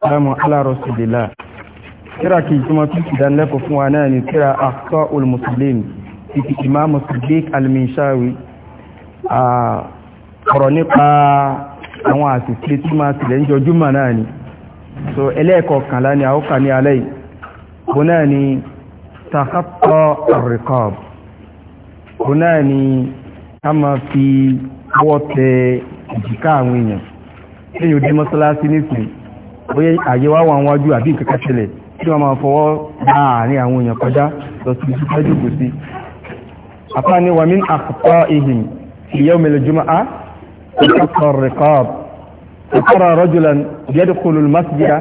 salamu ala rasulillah kira ki kuma tuki dan lako fún wa náà ni kira aksaul muslim titi imam siddiq al-minshawi a ọ̀rọ̀ nípa àwọn àṣìṣe tí máa tilẹ̀ ń jọjú mà náà ni so ẹlẹ́ẹ̀kọ̀ kànlá ni àwọ́kà ní alẹ́ yìí bó náà ni takapọ̀ rikọb bó náà ni ká máa fi ọwọ́ tẹ ìjìká àwọn èèyàn tí yóò dé bóyá àyè wá wà wájú àbí nǹkan kan ṣẹlẹ̀ kí wọ́n máa fọwọ́ láàárín àwọn èèyàn kọjá lọ sí ibi tẹ́jú kù sí. apá ni wàmí àkọ́kọ́ ihìn ìyá omi lójúmọ́ a ìkọ́kọ́ rẹ̀kọ́b ìkọ́ra rọ́jùlan yẹ́dùkúlù masjida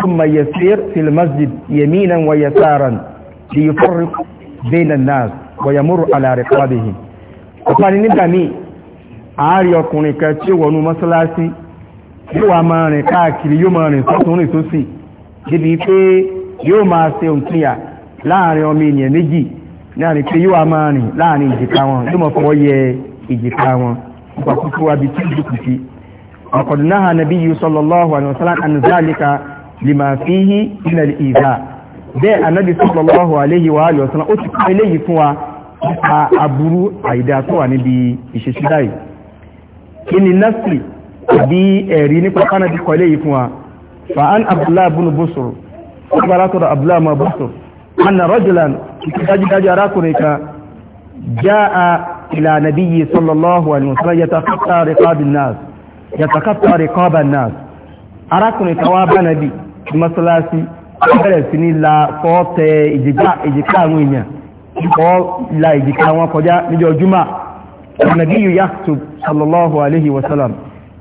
ثم يسير في المسجد يمينا ويسارا ليفرق بين الناس ويمر على رقابهم. ọ̀pá ni nígbà míì àárí ọkùnrin kan tí wọnú mọ́sálásí yóò wá máa rìn káàkiri yóò máa rìn sọ́tún rìn sósì débi pé yóò máa ṣe òǹtìyà láàrin ọmọ ènìyàn méjì náà ni pé yóò wá máa rìn láàrin ìjìká wọn yóò máa fọwọ́ yẹ ìjìká wọn nípa kúkú abi tí ìjì kùsí ọ̀kọ̀dù náà nàbí yìí sallallahu alaihi wasallam ànàzálìkà lima fihi min al-iza bẹ́ẹ̀ anábì sallallahu alaihi wa alihi wa nípa aburú àìdá tó wà níbi ìṣesí àbí ẹ̀rí nípa kánà bí kọ́lé yìí fún wa fa'an abdullahi bin busur ó gbára tọ́rọ abdullahi ma busur anna rajulan dájúdájú arákùnrin kan jaa ila nabiyyi sallallahu alaihi wasallam yatakatta riqabin nas yatakatta riqaban nas arákùnrin kan wá bá nàbí masalasi bẹ̀rẹ̀ sí ní la fọ́ọ̀tẹ̀ ìjìká àwọn èèyàn kọ́ la ìjìká wọn kọjá níjọ júmà nàbí yóò yá sallallahu alaihi wasallam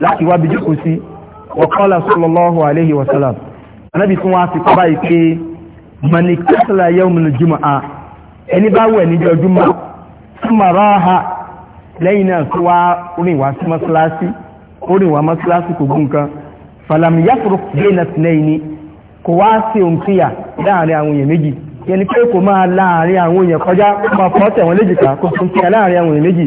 láti wá bíjú kù sí ọ̀kọ́lá sallallahu alayhi wa sallam anábì tún wá fi kọ́ báyìí pé mani kẹsàlá yawmul jumu'a ẹni bá wẹ̀ níjọ́ jùmọ̀ súnmọ̀ ráha lẹ́yìn náà tó wá rìn wá sí mọ́sálásí ó rìn wá mọ́sálásí kò gún nǹkan falam yafruq bayna ithnayni kò wá sí ohun kíyà láàrin àwọn èèyàn méjì yẹni pé kò máa láàrin àwọn èèyàn kọjá kó máa fọ́ tẹ̀wọ́n léjìká kó tún kíyà láàrin àwọn èèyàn méjì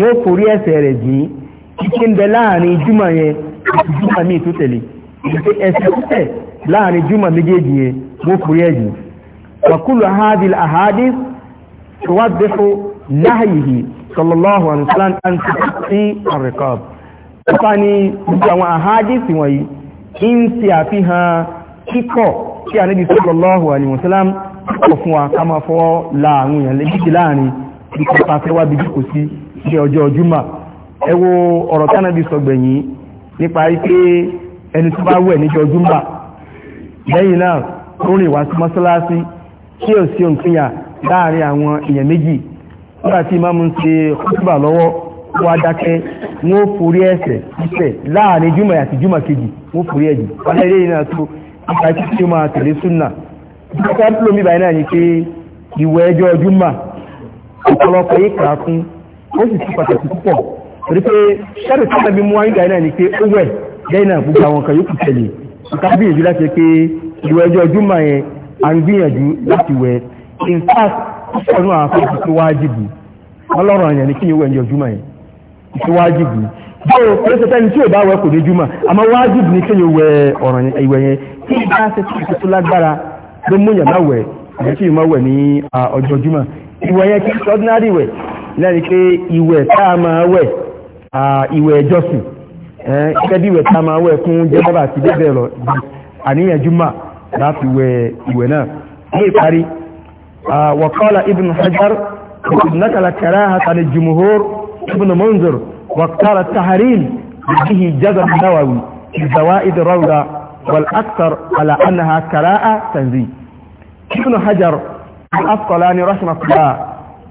yóò forí ẹ̀ṣẹ̀ rẹ̀ jì í kí ń bẹ láàrin júmọ̀ yẹn àti júmọ̀ míì tó tẹ̀lé ìpè ẹ̀ṣẹ̀ títẹ̀ láàrin júmọ̀ méjèèjì yẹn wọ́n forí ẹ̀ jì wàkúlù ahadil ahadis tuwaddihu nahyihi sallallahu alaihi wasallam wa ká máa fọwọ́ láàrin èèyàn láàrin bí kò kò sí ní ọjọ́ júmà ẹ wo ọ̀rọ̀ tánàbí sọgbẹ̀yìn nípa wípé ẹni tó bá wẹ̀ níjọ́ júmà lẹ́yìn náà ó rìn wá sí mọ́sálásí tí ò sí òǹkìyà láàrin àwọn èèyàn méjì nígbà tí ìmáàmù ń ṣe kútùbà lọ́wọ́ wá dákẹ́ wọ́n forí ẹ̀sẹ̀ ìṣẹ̀ láàrin júmà àti júmà kejì wọ́n forí ẹ̀jì wọ́n lẹ́yìn lẹ́yìn tó nípa tí ó máa tẹ̀lé súnà ìjọba tó lómi báyìí náà ni pé ìwẹ̀ ẹjọ́ júmà ọ̀pọ̀lọpọ̀ yìí kà á ó sì sí pàtàkì púpọ̀ torí pé ṣẹ́rì tó tàbí mú wáyé dáínà ni pé ó wẹ̀ dáínà gbogbo àwọn kan yókù tẹ̀lé ìka gbìyànjú láti pé ìlú ẹjọ́ júmọ̀ yẹn à ń gbìyànjú láti wẹ̀ in fact púpọ̀ nù àwọn afẹ́fẹ́ tó wájìbù ọlọ́run àyàn ni kí ni wẹ̀ ẹjọ́ júmọ̀ yẹn tó wájìbù báwo pé ṣe tẹ́ni tí ò bá wẹ̀ kò ní júmọ̀ àmọ́ wájìbù ni kí ni wẹ̀ ọ̀ràn ìwẹ̀ yẹn kí ni bá ṣe tó tó lágbára ló mú yàn má wẹ̀ àti kí ni má wẹ̀ ní ọjọ́ júmọ̀ ìwẹ̀ yẹn kí ordinary wẹ̀ náà ni pé ìwẹ̀ tá a máa wẹ̀ ìwẹ̀ ẹjọ́sìn gẹ́gẹ́ bí ìwẹ̀ tá a máa wẹ̀ kún jẹ́nẹ́bà àti bẹ́ẹ̀ lọ àníyànjú mà láti wẹ̀ ìwẹ̀ náà ní ìparí waqala ibn hajar nakala karahata ni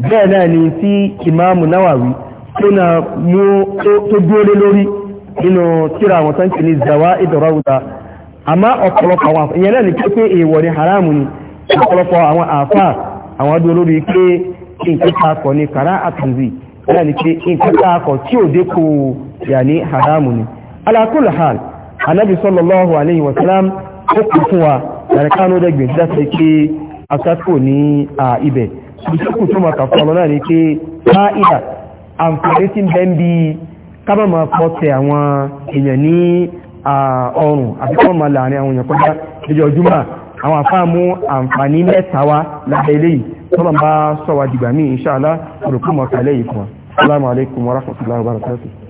bẹ́ẹ̀ náà ni tí ìmáàmù náwàwí tó na mú tó dúró lórí nínú tíra àwọn tó ń kìíní zawa ìdọ̀rọ̀wùta àmá ọ̀pọ̀lọpọ̀ àwọn àfáà ìyẹn ni pé pé èèwọ̀ ni haramu ni ọ̀pọ̀lọpọ̀ àwọn àfáà àwọn dúró lórí pé nǹkan tá a kọ̀ ni kàrá àtúnzì náà ni pé nǹkan tá a kọ̀ tí ò sallallahu alayhi wa sallam ó kù fún wa yàrá ìṣẹ́kù tó máa kàfún ọmọ náà ni pé káàìdà àǹfààní tí ń bẹ́ ń bí kábà máa pọ̀ tẹ àwọn èèyàn ní ọrùn àti kọ́ máa láàrin àwọn èèyàn kọjá lójọ ọjúmọ́ àwọn àfáàmú àǹfààní mẹ́ta wá lábẹ́ ilé yìí tọ́lọ̀ bá sọ̀wà dìgbà míì insha Allah òrùkú mọ̀kálẹ́ fún wa. Assalamu alaikum warahmatullahi wabarakatuh